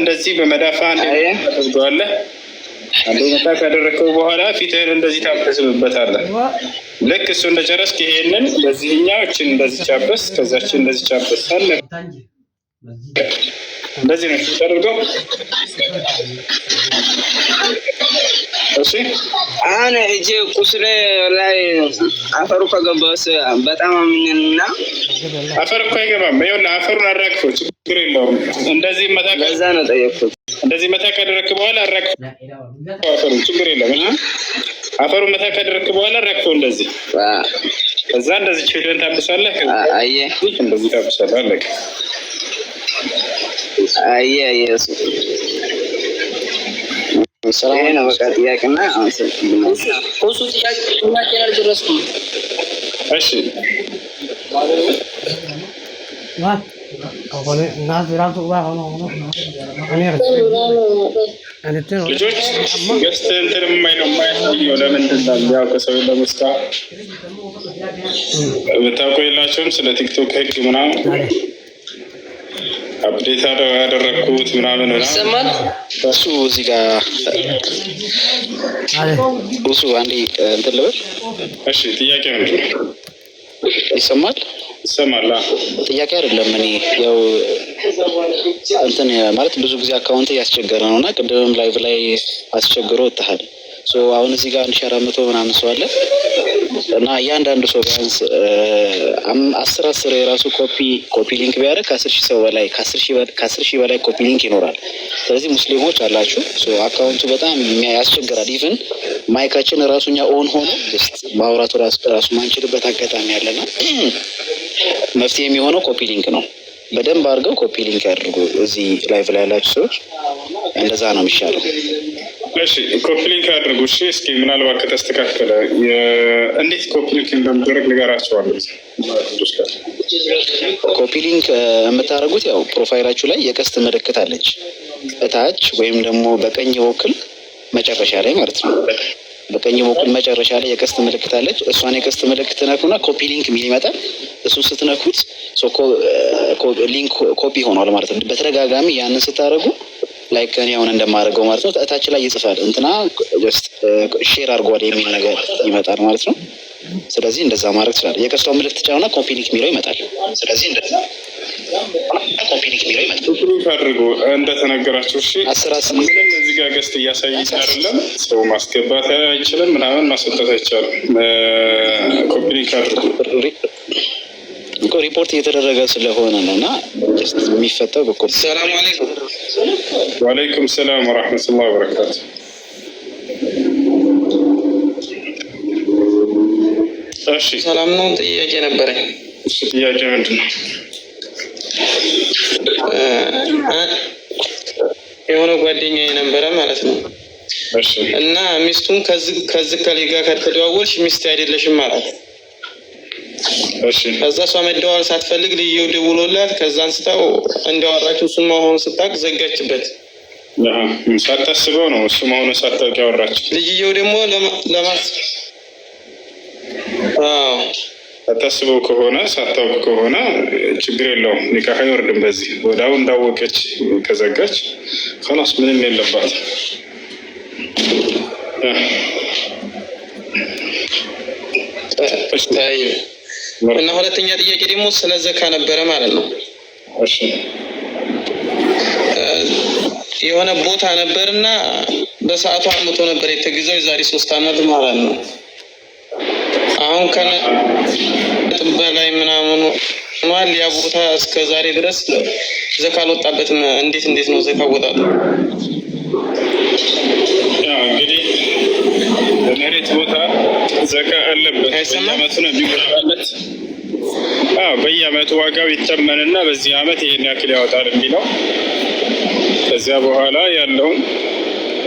እንደዚህ በመዳፋ ታደርገዋለህ። አንዱ መጣ ካደረግከው በኋላ ፊትህን እንደዚህ ታበስብበታለህ። ልክ እሱ እንደጨረስክ ይሄንን በዚህኛዎችን እንደዚህ ጫበስ፣ ከዛችን እንደዚህ ጫበስ አለ። እንደዚህ ነው ታደርገው እሺ አሁን እጄ ቁስሌ ላይ አፈሩ ከገባስ በጣም አምንና አፈር እኮ አይገባም። ይኸውልህ አፈሩን አራግፈው ችግር የለውም። እንደዚህ መታ ከዛ ነው ጠየቅኩት። እንደዚህ መታ ካደረክ በኋላ አራግፈው አፈሩ ችግር የለም። አፈሩን መታ ካደረክ በኋላ አራግፈው እንደዚህ ከዛ እንደዚህ ችልን ታብሳለህ። አየ እንደዚህ ታብሳለህ። አየ አየ ይሄ ነው በቃ ጥያቄና እሱ ጥያቄ ጥያቄ አልደረስኩም። እሺ ልጆች ገስት እንትን የማይ ነው የማያሳየው ለምንድን ነው የሚያውቅ ሰው ለመስታ ብታውቁ የላቸውም ስለ ቲክቶክ ህግ ምናምን አፕዴት ያደረግኩት ምናምን ይሰማል። እሱ እዚህ ጋር እሱ አንዴ እንትን ልበል። እሺ፣ ጥያቄ ምንድን ነው? ይሰማል ይሰማል። ጥያቄ አይደለም። እኔ ያው እንትን ማለት ብዙ ጊዜ አካውንት እያስቸገረ ነው እና ቅድምም ላይቭ ላይ አስቸግሮ ወጥሃል። አሁን እዚህ ጋር አንድ ሺህ አራት መቶ ምናምን ሰው አለ እና እያንዳንዱ ሰው ቢያንስ አስር አስር የራሱ ኮፒ ኮፒ ሊንክ ቢያደርግ ከአስር ሺህ ሰው በላይ ከአስር ሺህ በላይ ኮፒ ሊንክ ይኖራል። ስለዚህ ሙስሊሞች አላችሁ አካውንቱ በጣም ያስቸግራል። ኢቨን ማይካችን ራሱ እኛ ኦን ሆኖ ማውራቱ ራሱ ማንችልበት አጋጣሚ ነው። መፍትሄ የሚሆነው ኮፒ ሊንክ ነው። በደንብ አድርገው ኮፒ ሊንክ ያድርጉ። እዚህ ላይቭ ላይ ያላችሁ ሰዎች እንደዛ ነው የሚሻለው። እሺ ኮፕሊንክ አድርጉ። እሺ እስኪ ምናልባት ከተስተካከለ እንዴት ኮፕሊንክ እንደምደረግ ንገራቸዋለሁ። ኮፒሊንክ የምታደርጉት ያው ፕሮፋይላችሁ ላይ የቀስት ምልክት አለች እታች ወይም ደግሞ በቀኝ በኩል መጨረሻ ላይ ማለት ነው። በቀኝ በኩል መጨረሻ ላይ የቀስት ምልክት አለች። እሷን የቀስት ምልክት ትነኩና ኮፒ ሊንክ የሚል ይመጣል። እሱ ስትነኩት ሊንክ ኮፒ ሆኗል ማለት ነው። በተደጋጋሚ ያንን ስታደርጉ ላይክ እኔ አሁን እንደማደርገው ማለት ነው። እታች ላይ ይጽፋል እንትና ሼር አርጓል የሚል ነገር ይመጣል ማለት ነው። ስለዚህ እንደዛ ማድረግ ትችላለህ። የቀስቷን ምልክት ጫኑና ኮፒ ሊንክ የሚለው ይመጣል። ስለዚህ እንደዛ ኮፒ ሊንክ የሚለው ይመጣል። ፕሩፍ አድርጎ እንደተነገራቸው እሺ። ምንም እዚህ ጋር ገስት እያሳይ አይደለም። ሰው ማስገባት አይችልም፣ ምናምን ማስወጣት አይቻልም። uh, ኮፒ ሊንክ አድርጎ እኮ ሪፖርት እየተደረገ ስለሆነ ነው እና የሚፈታው በኮ ሰላም አለይኩም ወአለይኩም ሰላም ወበረካቱ እሺ ሰላም ነው ጥያቄ ነበረኝ ጥያቄ ምንድን ነው የሆነ ጓደኛ የነበረ ማለት ነው እና ሚስቱን ከዚህ ከሊጋ ከተደዋወልሽ ሚስት አይደለሽም ማለት ከዛ እሷ መደዋል ሳትፈልግ ልዩ ደውሎላት ከዛ አንስታው እንዳወራችው እሱን መሆኑ ስታቅ ዘጋችበት። ሳታስበው ነው እሱ መሆኑ ሳታውቅ ያወራችው። ልጅየው ደግሞ ለማስ ሳታስበው ከሆነ ሳታውቅ ከሆነ ችግር የለውም፣ ኒካህ አይወርድም። በዚህ ወዳው እንዳወቀች ከዘጋች ከላስ ምንም የለባት። እሺ እና ሁለተኛ ጥያቄ ደግሞ ስነ ዘካ ነበረ ማለት ነው። የሆነ ቦታ ነበር እና በሰዓቱ አምቶ ነበር የተገዛው የዛሬ ሶስት አመት ማለት ነው። አሁን ከነ በላይ ምናምኑ ሆኗል። ያ ቦታ እስከ ዛሬ ድረስ ዘካ አልወጣበትም። እንዴት እንዴት ነው ዘካ ወጣቱ? መዘቃ አለበት። በየአመቱ ነው የሚወጣለት። በየአመቱ ዋጋው ይተመንና በዚህ አመት ይሄን ያክል ያወጣል የሚለው ከዚያ በኋላ ያለውን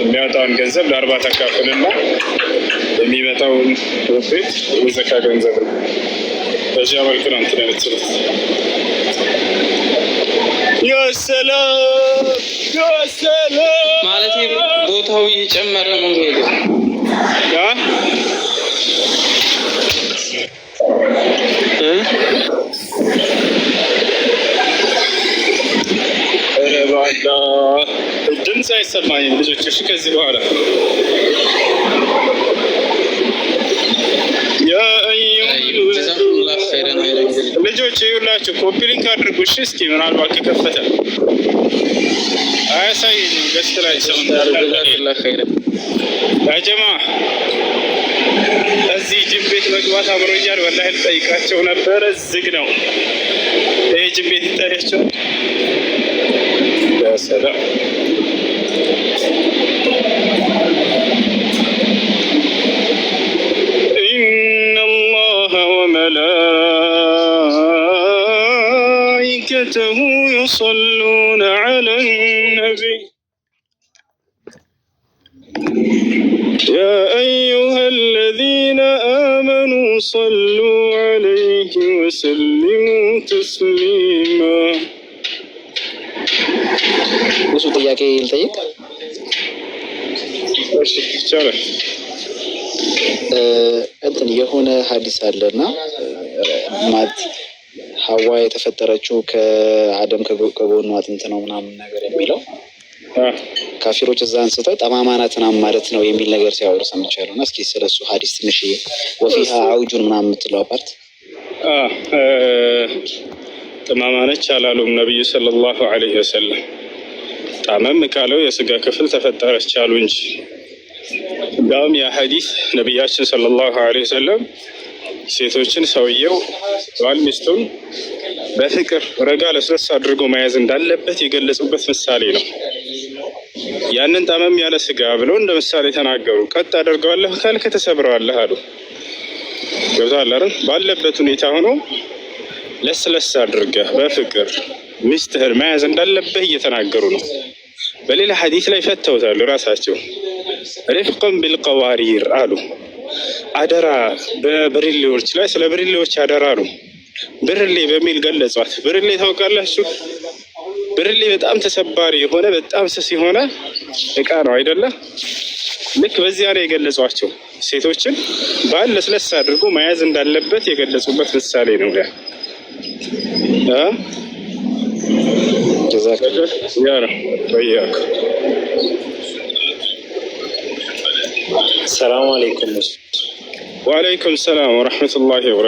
የሚያወጣውን ገንዘብ ለአርባ ተካፍልና የሚመጣውን ውጤት የዘካ ገንዘብ ነው። በዚያ መልክ ነው እንትን የምትችሉት። ማለት ቦታው እየጨመረ ነው ሄደ ድምፅ አይሰማኝም ልጆች። እሺ፣ ከዚህ በኋላ ልጆች ይኸውላችሁ ኮፒ ሊንክ አድርጉ። እሺ፣ እስኪ ምናልባት ከከፈተ አያሳየኝም። ገስት ላይ ሰው ላ ኸይር ያ ጀማዓ እዚህ ጅም ቤት መግባት አምሮኛል። ወላሂ ልጠይቃቸው ነበረ ዝግ ነው። ይሄ ጅም ቤት ይጠሪያቸው ሰላም ملائكته يصلون على النبي يا أيها الذين آمنوا صلوا عليه وسلموا تسليما وشو ጥያቄ ልጠይቅ? እሺ ይቻላል። እንትን የሆነ ሀዲስ ሀዋ የተፈጠረችው ከአደም ከጎኑ አጥንት ነው ምናምን ነገር የሚለው ካፊሮች እዛ አንስተው ጠማማ ናት ማለት ነው የሚል ነገር ሲያወሩ ሰምቻለሁ። እና እስኪ ስለሱ ሀዲስ ትንሽ ወፊሃ አውጁን ምናምን የምትለው አፓርት ጠማማ ነች አላሉም ነቢዩ ሰለላሁ አለይሂ ወሰለም። ጣመም ካለው የስጋ ክፍል ተፈጠረች አሉ እንጂ እንዳውም ያ ሀዲስ ነቢያችን ሰለላሁ አለይሂ ወሰለም ሴቶችን ሰውየው ባል ሚስቱን በፍቅር ረጋ ለስለስ አድርጎ መያዝ እንዳለበት የገለጹበት ምሳሌ ነው። ያንን ጣመም ያለ ስጋ ብለው እንደ ምሳሌ ተናገሩ። ቀጥ አደርገዋለሁ ካልክ ተሰብረዋለህ አሉ። ገብቶሃል አይደል? ባለበት ሁኔታ ሆኖ ለስለስ አድርገህ በፍቅር ሚስትህን መያዝ እንዳለብህ እየተናገሩ ነው። በሌላ ሀዲስ ላይ ፈተውታሉ ራሳቸው ሪፍቅን ቢልቀዋሪር አሉ አደራ በብርሌዎች ላይ ስለ ብርሌዎች አደራ ነው። ብርሌ በሚል ገለጿት። ብርሌ ታውቃላችሁ? ብርሌ በጣም ተሰባሪ የሆነ በጣም ስስ የሆነ እቃ ነው አይደለ? ልክ በዚያ ላይ የገለጿቸው ሴቶችን ባል ለስለስ አድርጎ መያዝ እንዳለበት የገለጹበት ምሳሌ ነው። ያ ያ ነው السلام عليكم وعليكم السلام ورحمة الله وبركاته